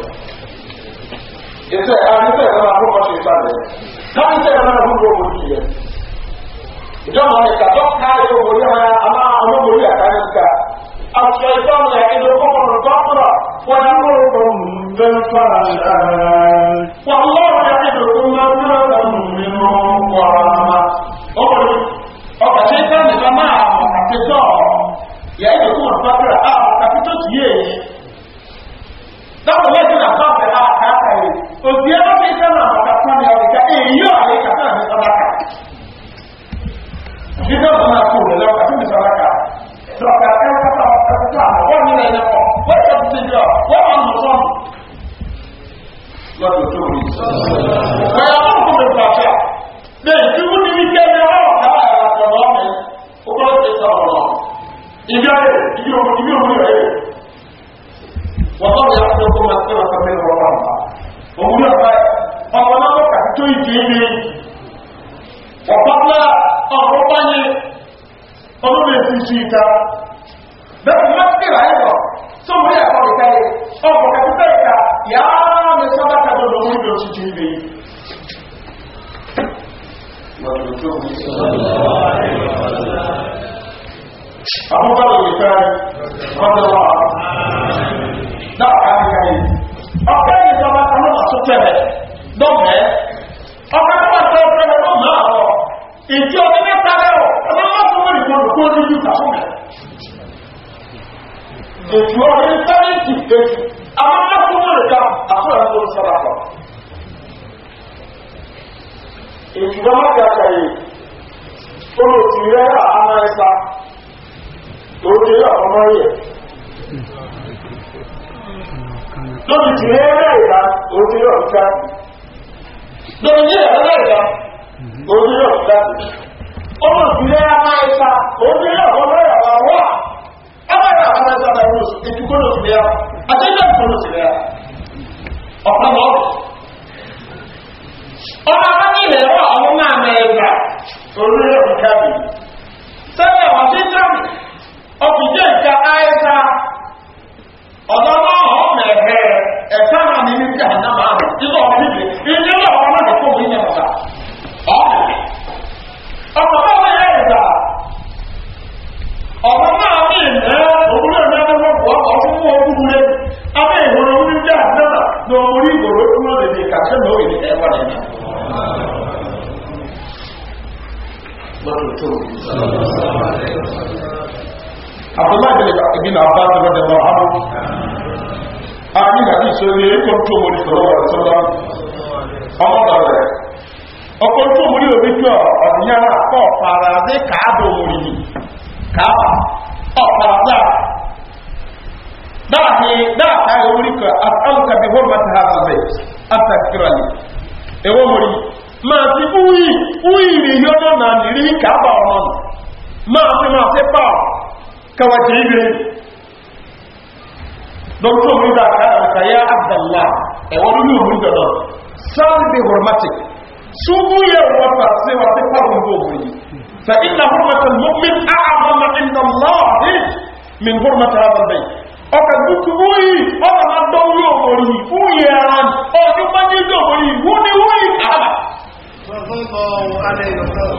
ìṣe àríṣẹ́ ìṣe àkókò ṣe sáré káríṣẹ́ ìṣe àkókò owó ti yẹ ìjọba ìkàtọ́ káyọ̀ owó yẹn àmà àwọn owó yẹn káyọ̀ àṣọ ìtọ́nù ẹ̀ẹ́dẹ̀ kọ́kọ́rọ̀ tọ́kọ̀rọ̀ wọn ni wọ́n rọ̀ mọ́ fara wọn lọ́wọ́ ẹ̀ẹ́dẹ̀ kọ́kọ́rọ̀ mímú kọ́ra ọkọ̀ ṣe sáré sọ máa àmọ̀ àti sọ yẹ́ẹ́dẹ̀ kọ́kọ́rọ̀ tọ́kọ̀rọ̀ àmọ̀ àti tó dɔw yɛ ti na ba bɛɛ la a k'a ta ye o biara bɛ kɛ na a ka kuma ni a bɛ kɛ e yi a ye ka taa ni ala kan bi dɔw nana to o la ka tɛmɛ ala kan dɔw ka kɛ ka taa ka taa a mɔgɔ o na yɛlɛ kɔ wa ka ti jɔ wa ka mɔgɔ lọ tó tó wuli. ọ̀yà wọn kò tó tó àfẹ́ bẹ́ẹ̀ dúró ní ní kẹ́mi ọ̀rọ̀ kábà yàrá sọ̀rọ̀ ọ̀mẹ́ o kọ́ ló ti sọ̀rọ̀ ìbí ọ̀rẹ́ ìbí òmùrẹ́ والله يحفظكم مغفرة منه ورحمة ومن ọ̀pọ̀lọpọ̀ ọ̀pọ̀lọpọ̀ tó ìkéde ọ̀pọ̀lọpọ̀ ọ̀rọ̀páyé ọlọ́rẹ̀ sí sí ìta bẹ́ẹ̀ mọ́kànlá ẹ̀rọ tó mú ẹ̀kọ́ ìtàlẹ̀ ọ̀pọ̀ kẹfẹ́ ìta yàá mẹ́ sábàtà lọ́dọ̀ orí lọ sí jíire Àwọn bá lè fẹ́ ọdọ́wà dáwà káfíńkà yìí ọ̀kẹ́ yìí sọ ma kàmú ma tó tẹ̀lẹ̀ dọ́mẹ́ ọ̀kẹ́ tó ma tó tẹ̀lẹ̀ tó má ọ̀ ìdí ọ̀kẹ́ ní tẹ̀lẹ̀ ọ̀ ọ̀kẹ́ má tó wọ́n ìgbọ̀n kó ní ju kàfún mẹ́. ètù ọ̀kẹ́ ní tẹ̀lẹ̀ ti ètù àwọn má tó wọ́n ìka àfún ẹ̀rọ tó ń sọ̀rọ̀ àpọ̀. ètù bá má kàkà yìí olùtìrẹ́ àmà ẹ̀sà òkè àkọ́mọ́ yẹ̀ lóbi tì ní ẹ̀rẹ́ ìlà òbí yóò ká lóbi ní ẹ̀rẹ́ ìlà òbí yóò ká ọmọ ìpínlẹ̀ máa ń ta òbí yóò ìyàwó àwọ̀ ọmọ ìyàwó àwọn náà ló sì ti kó lòsì lẹ́yà àtẹ́jọ́ ìkó lòsì lẹ́yà ọ̀pọ̀ ọmọ akọ́kọ́ ilẹ̀ ẹ̀rọ àwọn máa mẹ ẹ̀gbà yóò ká mi sẹ́yìn àwọn tí ń tẹ́ níjà ní nàbà rẹ̀ nígbà wọn níbi ìdí nígbà wọn náà lè fún mi ní ọ̀sà ọ̀hún mi. ọ̀pọ̀ náà wọ́n yẹ ẹ̀dà ọ̀pọ̀ náà bí ìlẹ̀ òwúrọ̀ náà ní wọ́n kọ́ ọ̀tún mú ọdún rẹ̀ abẹ́ ìwọ̀n orí níjà náà ní orí ìgbòho kúrò lèdè kàṣẹ́ náà òye ẹ̀ wà nínú. Abdullahi bin Abbas radiyallahu anhu àti ìgbàdí ìṣòro ẹ̀kọ́ tó mọ̀ ní sọ̀rọ̀ àtọ́lá ọmọdọ̀rẹ̀ ọkọ̀ tó mọ̀ ní omi tó ọ̀dìyàrá kọ́ ọ̀fàrà dé káàdọ̀ orí ni káàpà ọ̀fàrà dáa dáàhì dáàkà orí kọ àtàlùkà bí wọ́n bàtà hàbà bẹ̀ àtàkìrà ni ẹ̀wọ́ mọ̀rí máa ti wúyì wúyì rí yọ́nà nà nírí káàbà ọ̀nà máa ti máa ti pa kàwàjì ìgbẹ̀rẹ̀ don to mu da ka ka ya abdullah e wani ne mu da don sal bi hurmati su mu ya wa fa se wa ta fa mu go mu fa inna hurmatal mu'min a'zama inda allah min hurmati hadha al-bayt o ka duku wuyi o ka ma don yo mori fu ya ran o ju ma ni go mori wu ni wuyi kaaba sallallahu alaihi wasallam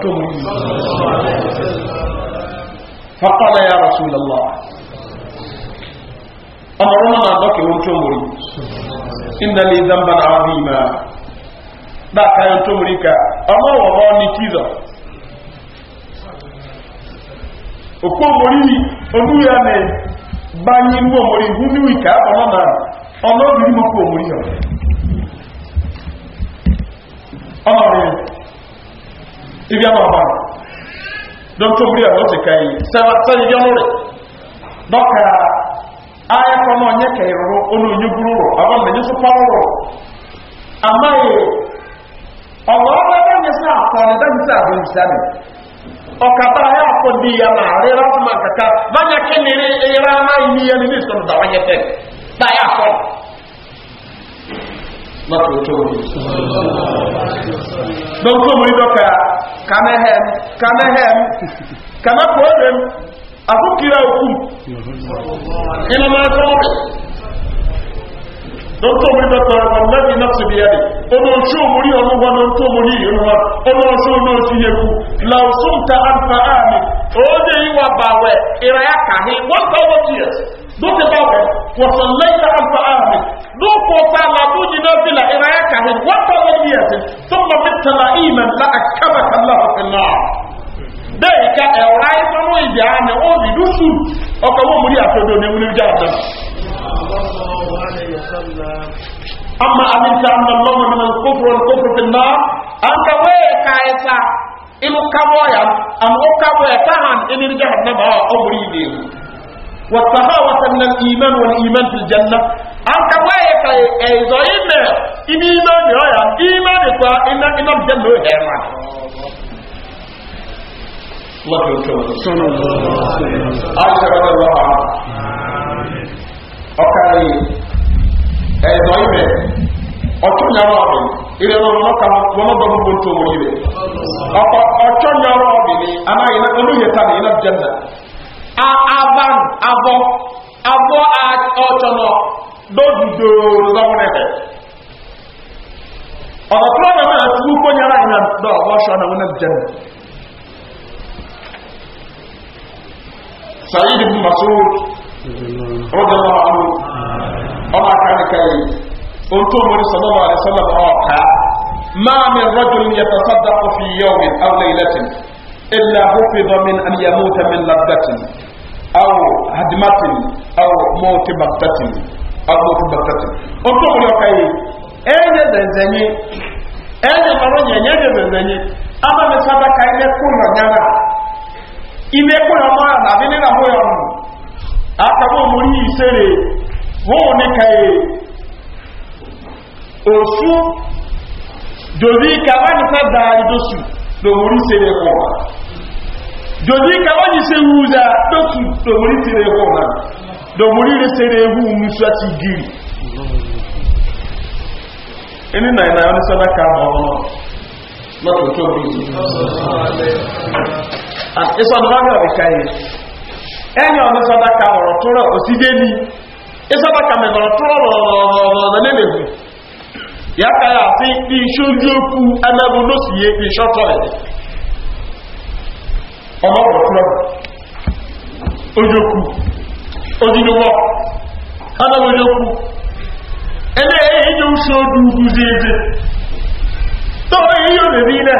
sallallahu alaihi wasallam فقال يا رسول الله أمرنا بك وتمري إن لي ذنبا عظيما ذاك يتمرك أما وضعني كذا òkú omori olúyà ní bá yí mú omori hú ní ìkà ọmọ náà ọmọ obìnrin mú kú omori ọ̀ ọmọ rẹ̀ ibi àmọ́ ọ̀bá don to buri awon tikai sawa sani bi onore doka aya ko no nye kai ro onu nyu buru ro aba me nyu so pa ro amaye ọwọ́ ọlọ́dọ́ ní sá àkọọ́lẹ̀ bá ní sá àbò ìsàmì ọ̀kàbá ayé àkọ́dí ya máa rí ráfùmá kàkà bá ní kí ni rí ra máa yí ẹni ní ìsọ̀rọ̀ dàwọn yẹtẹ̀ báyà àkọ́ọ̀lẹ̀ don ko mu doka kamehem kamehem kama poem akukira hukum ina ma tobe don ko bi yadi ono sho muri ono wa don ko muri ono wa ono sho no ti yeku law sumta an fa'ami o de yi ya ka iraya kahi what over oh, dókè bá wẹ̀ wọ̀sán lẹ́yìn àgbà ààrẹ lóòpọ̀ sáàlà tó jìnà fìlà ìráyà kàrin wọ́n tọ́ lórí ẹ̀sìn tó mọ̀ mí tẹ̀lá ìmẹ̀ ńlá àkàbàkà lọ́wọ́ náà bẹ́ẹ̀ ká ẹ̀rọ ayéfọ́nú ìjà àmì ó rí dúsù ọkọ̀ wọ́n mú ní àtọ́dọ̀ ní wúlé jẹ́ àtọ́ amma aminta amma lọ́wọ́ nínú kófòrò kófòrò fi náà an ka wéè ka ẹ̀ta inú kábọ̀ ya àmì ó kábọ̀ ẹ̀ta hàn inú jẹ́ àtọ́dọ̀ ọmọ orí ìdè والصحاوة من الإيمان والإيمان في الجنة أنك وايك أيضا إيمان إن إيمان يا إيمان يقوى إن إن الجنة هي الله يكرمك صلى الله عليه وسلم أشهد الله أكاري أيضا إيمان أتون يا رب إلى أن نمك وما ضم بنتو مريبة أتون يا رب أنا إلى أنو يتاني إلى الجنة aban abọ abọ ọchọnọ dogido lọwọrẹbẹ ọ̀dọ̀tọ́ ọ̀nà náà tí ó gbóyára ìyá náà ọ̀ṣọ́ náà wọnà jẹ́ sayid ibn masoud ọdọ́nà ọmọ ọmọ akárika yìí ohun tó mọ́rí sọlọ́wọ́ àrẹsọ́lọ́ ọ̀ká máa mi rọ́jò ní yàtọ̀ sọ́dọ̀ fi yọ̀ min aulẹ̀ ilẹ̀tìn ilẹ̀ àbúfẹ́ dọ́min àníyàmú tẹ́min lábdẹ́tìn أو هدمة أو موت بغتة أو موت بغتة أنتم nye كي أين nye أين مروني أين زنزني أما مثلا كي نكون نعم ime kuna mara na bi nira ho yon aka bo muri isere wo ni osu dozi ka wani fa dari dosu do sere jòdì ka wọ́n yìí se wúza tó tù dòmòrí tèrè hù náà dòmòrí rẹ̀ tèrè hù mú sọ ti gírì ẹni náà ìnáyà ní sọ́dá ká mọ́ ọ́nà lọ́tọ̀ tó bí i ìsọ̀nà bá bẹ̀rẹ̀ ká yìí ẹni ọ̀nà sọ́dá ká ọ̀rọ̀ tó rọ̀ òsì dé ní ìsọ́dá ká mẹ́gbọ̀rọ̀ tó rọ̀ lọ́lọ́lọ́lọ́ lẹ́lẹ́gbù yàtà yà sí iṣójú okú anábùnósìyé iṣọ́tọ̀ ẹ̀ ọmọ ọ̀rọ̀ fúlọ́bù ojókù ojúdówọ́ ọdọ́mọ ojókù ẹni ẹ̀yẹ ìjọ ṣe odùnkù sí ẹ̀dẹ̀ tọ́wọ́ èyí yóò rẹ̀ bí ilẹ̀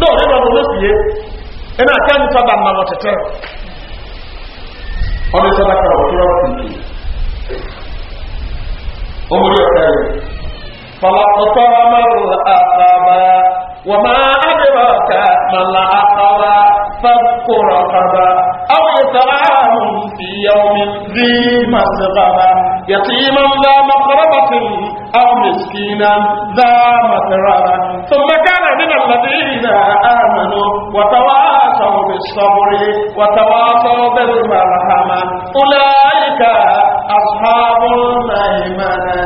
náà ní ọmọ ló sì yé ẹni àkẹ́ni وما أدراك ما العقبة فك رقبة أو إطعام في يوم ذي مسغبة يتيما ذا مقربة أو مسكينا ذا مقربة ثم كان من الذين آمنوا وتواصوا بالصبر وتواصوا بالمرحمة أولئك أصحاب الميمنة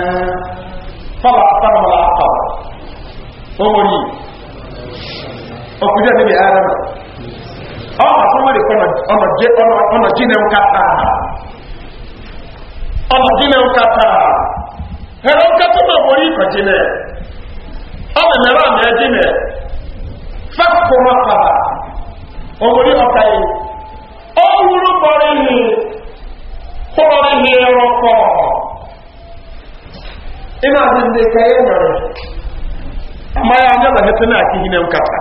فلا أقرب العقبة أمري ọkùnrin níbi ẹ̀rọ náà ọmọ sọmọdé kọ ọmọ jìnnà ń kàtà ọmọ jìnnà ń kàtà ẹ̀rọ ń kàtà náà wọ́n yìí kọ jìnnà ọmọ mẹ́rọ àmì ẹ̀ jìnnà fẹ́kọ̀ọ́ máa pàpà ọmọ yìí ọ̀ka yìí ọ̀wúrú bọ̀rẹ̀ yìí kọ́ọ̀rẹ̀ yìí ẹ̀rọ kọ́ ina zinde kayan yare amma ya nyaba hetu na kihi ne kata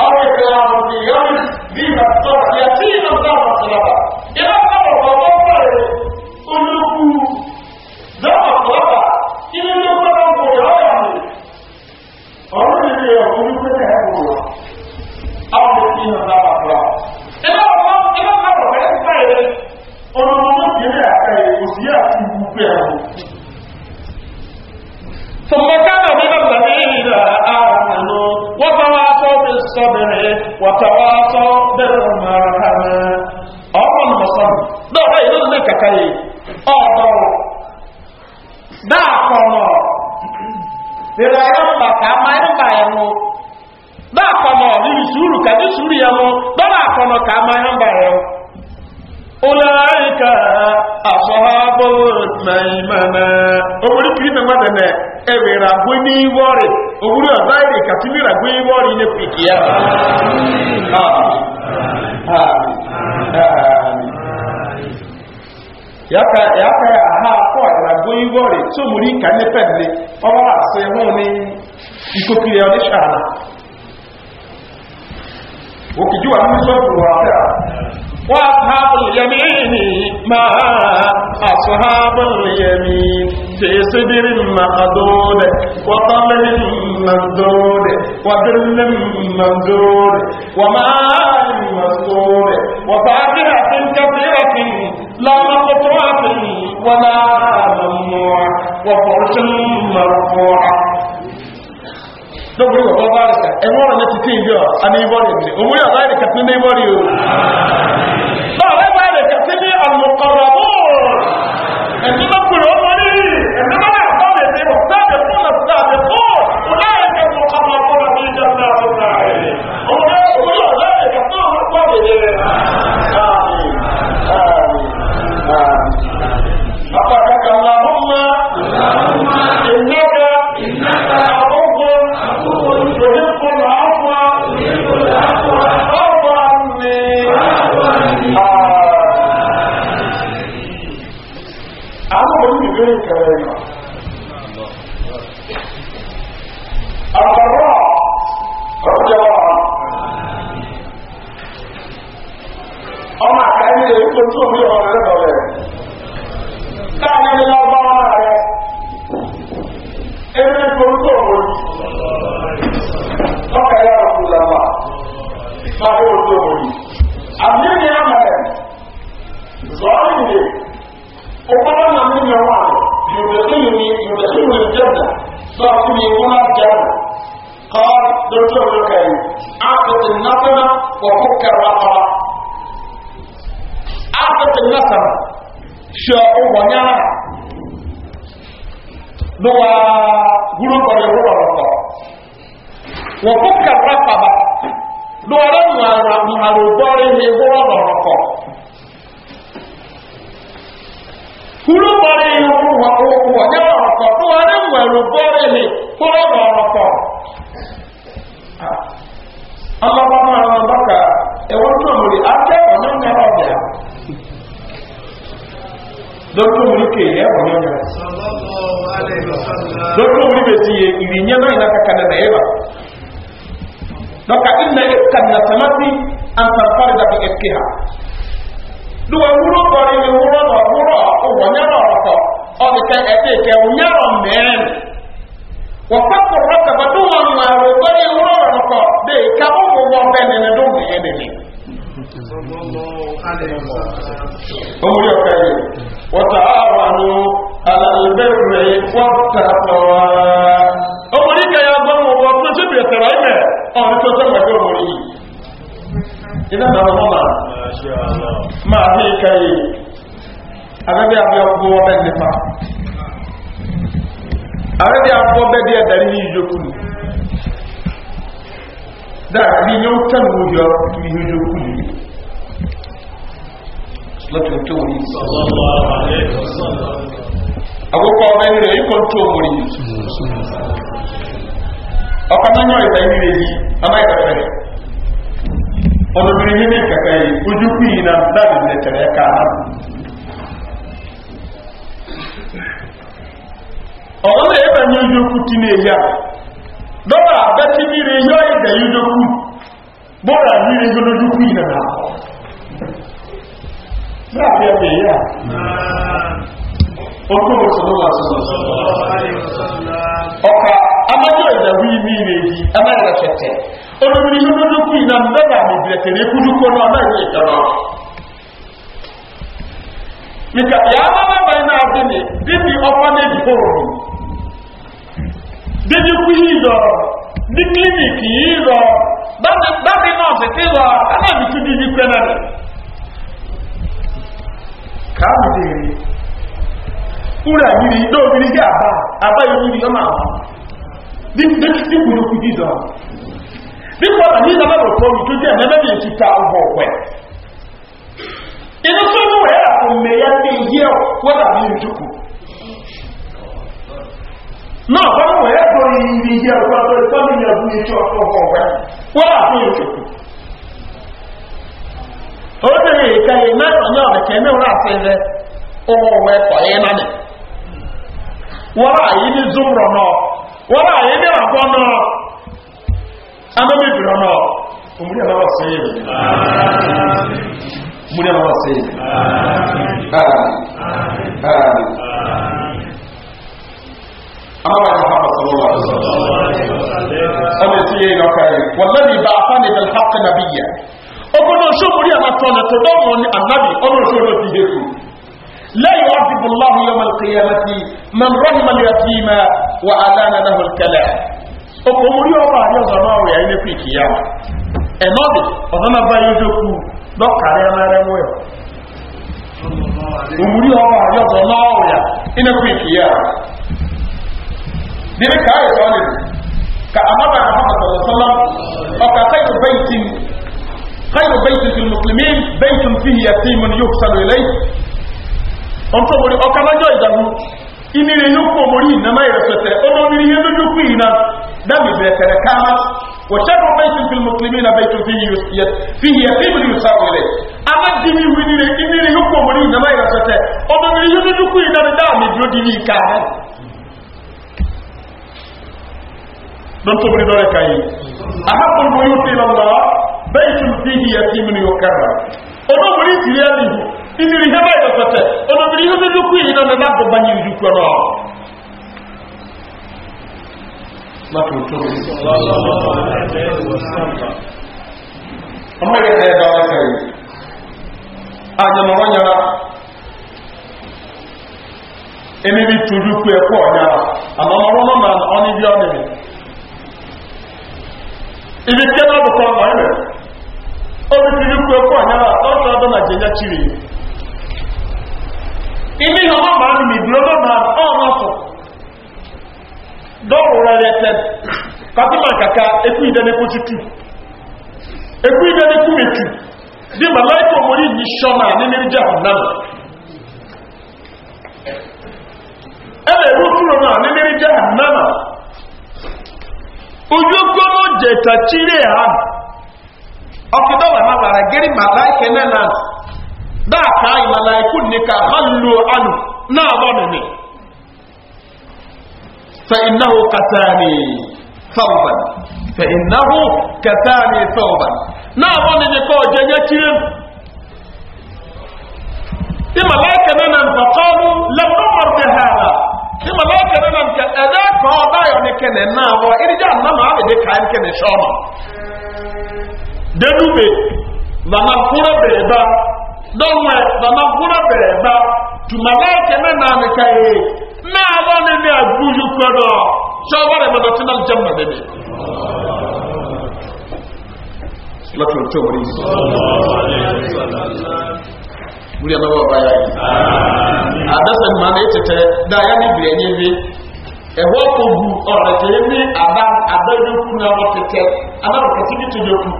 أو إكرام في يوم بما الصبر يتيما دار الصلابة إذا قال فضفر أنه دار الصلابة إذا نقرأ بيان أرد لي أقول كده أقول أو يتيما دار الصلابة إذا قال إذا قال فضفر أنه ممكن أكاي وزيات يبقى ثم كان من الذين آمنوا وسواء بالصبر وتواصوا ya أما المصر ده غير لك كي أعطوا ده أقوى Bẹ̀rẹ̀ ayọ́ bàtà máa ń bà ẹ̀ ka Bá àkọ́nà ní ìṣúrù kàbí ìṣúrù yẹ mú, bọ́lá àkọ́nà kà máa ń ka ẹ̀ mú. ẹ̀rẹ̀ ìràgbé ní ìwọ́ rẹ̀ òwúrẹ́ ọ̀dá èrè kàtí ní ìràgbé ìwọ́ rẹ̀ ní pìkì yá yàkà yà ha kọ́ ìràgbé ìwọ́ rẹ̀ tó mú rí ha ní pẹ̀lẹ̀ ọwọ́ àṣẹ hún ní ìkókiri ọdíṣà náà òkìjú àmúṣọ́gbùrù àfẹ́ وأصحاب اليمين ما أصحاب اليمين في سدر مقدود وطلع ممدود وبرل ممدود وماء مسدود وفاكهة كثيرة لا مقطوعة ولا ممنوع وفرش مرفوعة dɔbɔ wɔ bɔbɔ de ka ɛmɔ wɔ ne tete yi bi ɔ ani ibɔ de bi omu yɛ ɔbɛ de kati ne ibɔ de o ɔbɛ bɛ de kati ne alukɔrɔbɔ ɛnuma kuli ɔmɔ de yi ɛnuma de akɔ de de o ta de fo na ta de fo وقالنا من يوان يدخلني يدخلني الجنة صاحبي هنا الجنة قال دكتور لكي أعطت النسمة وفك الرقبة أعطت النسمة شاء ونعم نوى غلوب اليهود الرقبة وفك الرقبة نوى لما نعم على الدار هي غلوب الرقبة kuru bɔre yi wo wɔ wo wɔ nyɛ ɔrɔkɔ to ɔre ŋmɛro bɔre ni kuru bɔ ɔrɔkɔ alaba ma ɛwɔ baka ɛwɔ tó mori atɛ ɔnyɔ nyɛrɛ ɔbia dɔkita mori kee yɛ ɔnyɔ nyɛrɛ dɔkita mori bɛ ti yɛ ibi nyɛ ha do wa wuro bɔre ni wuro na wuro. ọwọ nyara ọkọ ọdịka ẹdị ka ẹwụ nyara mmiri wọkọkọ ka tó tó abɛbi abụọ ɔbɔ ɔbɛ nipa abɛbi abɔ ɔbɛ di ɛdari ni idzoku ni daa ɛbi nye wotɛ no wodua tu ihe idzoku ni lọtò tó wòlí agogo ɔbɛ nire yi kɔn yi ama yi na daa ne tɛrɛ kaa na. ọ̀wọ́n ebe yẹ́ bẹ̀rẹ̀ ti kú a ní èyà lọ́wọ́ àbẹ́ tí ní rẹ̀ yọ́ ìdẹ̀ yóò kú bọ́ọ̀rọ̀ ní rẹ̀ yóò lójú kú ìrẹ̀lá láàrin ẹgbẹ̀ yà ọkọ̀ ọ̀ka amájọ́ ìdàwí ní rẹ̀ yìí amẹ́rẹ̀ fẹ̀tẹ̀ olórin yóò na dédé kú yìí lọ ní kílíníkì yìí lọ dábì náà sì ti lọ ẹnà mi tún di yìí pẹ́ náà rẹ̀ káàmì dèrè wúrà yìí rí dóò rí sí àbá àbá yìí rí ọmọ àwọn ní dédé tí kú ló kú yìí lọ bí kọ́nà ní ìdáná rò tóbi tó jẹ́ ẹ̀mẹ́mẹ́ mi ti ta ọgbọ̀ ọ̀pẹ́ inú sọ́nù rẹ̀ àkọ́mẹ́yà ní iye wọ́n dàbí ìjókòó náà bá wọ̀ ẹ́ iri ní ibi ìyá ọ̀pá tó ìtọ́ ní ọkọ ọkọ ọ̀pọ̀ ọ̀gá wọ́n là fún ìṣòkò ó ní ìka iná ọ̀nà ọ̀kẹ́ ní wọ́n àti ilẹ̀ ọmọ ọ̀wẹ́ pọ̀ yẹn náà nì wọ́n ní náà ní náà أنا محمد صلى الله عليه وسلم والذي بعثني بالحق نبيا أقول شو مريا ما تقول تدوم النبي أقول شو نبي لا يعذب الله يوم القيامة من رحم اليتيم وأعلن له الكلام أقول مريا ما يا زمان ويا إني في كيامة أنادي أنا بايدوكو دكاري أنا رموي أمري الله يا زمان ويا إني في كيامة dini kaa yɛ sɔɔ ne do ka amaba muhammad sallallahu alaihi wa sallam ɔka kayo baitin kayo baitin fi muslimin baitin fihi yatimun yuhsanu ilai ɔnto mori ɔka na jɔ idahu inire yoko mori nama yɛ sɔtɛ ɔno miri yɛ do yoko yi na dami bɛ tɛrɛ kaama وشر بيت في المسلمين بيت فيه يسيت فيه يتيم يسار إليه أما ديني ويني إني يكو مريد ما يرسته أما مريد يكو إذا دامي برو ديني كاهن don tobri dole kayi ahabbul buyut ila allah baytun fihi yatimun yukarram ono muri tiyali iniri heba yo fate ono muri yo do ku ina na nabo banyi ju ko no matu tobri sallallahu alaihi wasallam amma ya haya dole kayi anya mo nyara emi bi tudu ku e ko nyara amma mo no man oni bi oni ibi tí wọ́n bù kọ́ ọmọ rẹ̀ ó ti fi kú ẹkọ́ ọ̀nyára ọ̀sán ọdún àjẹ́ yá kiri ibi ìhàn ọmọ àmì mi dúró lọ́nà ọmọ ọ̀sọ̀ dọ́wọ̀ rẹ̀ rẹ̀ tẹ́ kàtíma kàkà ekú ìdẹ́nẹ́kú títù ekú ìdẹ́nẹ́kú mẹ́tù bí màláìkọ̀ mọ́rí ní sọ́mà ní méjì àwọn náà ẹ̀rẹ̀ ìlú kúrò náà ní méjì àwọn náà ojogomo jẹta chire ha ọkidọwa ma wara giri malaika nena daaka ayi malaiku nika hallu anu naa bọnu ni fa innahu katani thawban fa innahu katani thawban naa bọnu ni kọ jẹnyẹ chire mu ti malaika nena fa qalu lam numar bi hada tí mo lọ́wọ́ kẹ́lẹ́ náà nkẹ́ ẹ̀dá kan ọba ayọ̀ ní kẹ́nẹ̀ náà wọ ìdíjà nàmà àbẹ̀dẹ̀ káyẹ̀ kẹ́nẹ̀ sọ́ọ̀mà. Dẹ́dúbe bàmà kúrò bẹ̀rẹ̀ bá dọ́wọ́ bàmà kúrò bẹ̀rẹ̀ bá tùmọ̀lá kẹ́nẹ̀ náà ní káyẹ̀ náà wọ́ ní ní àgbújú kọ́dọ̀ sọ́ọ́bà rẹ̀ bàbá tí náà jẹ́mà bẹ̀bẹ̀. Lọ́tọ̀ tó wọlé yìí muri ya mabawa baya yi a dasan ma na ita ta da ya ni biya nyebe ɛhɔ kogu ɔrɛkɛyɛ ne aba abɛdoku na ɔkɛkɛ ana ɔkɛkɛ bi to doku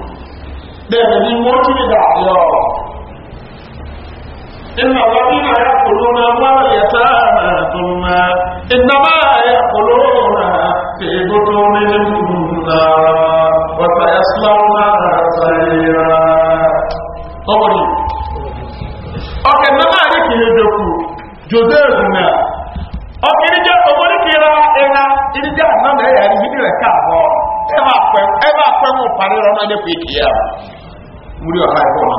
dɛ ɛni mɔtu bi da yɔ ina wani na ya kolo na wala ya ta na kuma ina ma ya kolo na ke goto ne ne kuma wata ya sulaw na sayira. Ɔkɔli ekirejoku joseph na ọkìrìjẹ ọmọdékìrà ẹ̀ha ìrìjẹ ànámẹ ẹ̀yà ìbílẹ̀ rẹ̀ káàbọ̀ ẹ bá pẹ́ ẹ bá pẹ́ mú parí rẹ̀ ọmọdé pé kìí yà múlẹ̀ ọ̀ha ẹ̀kọ́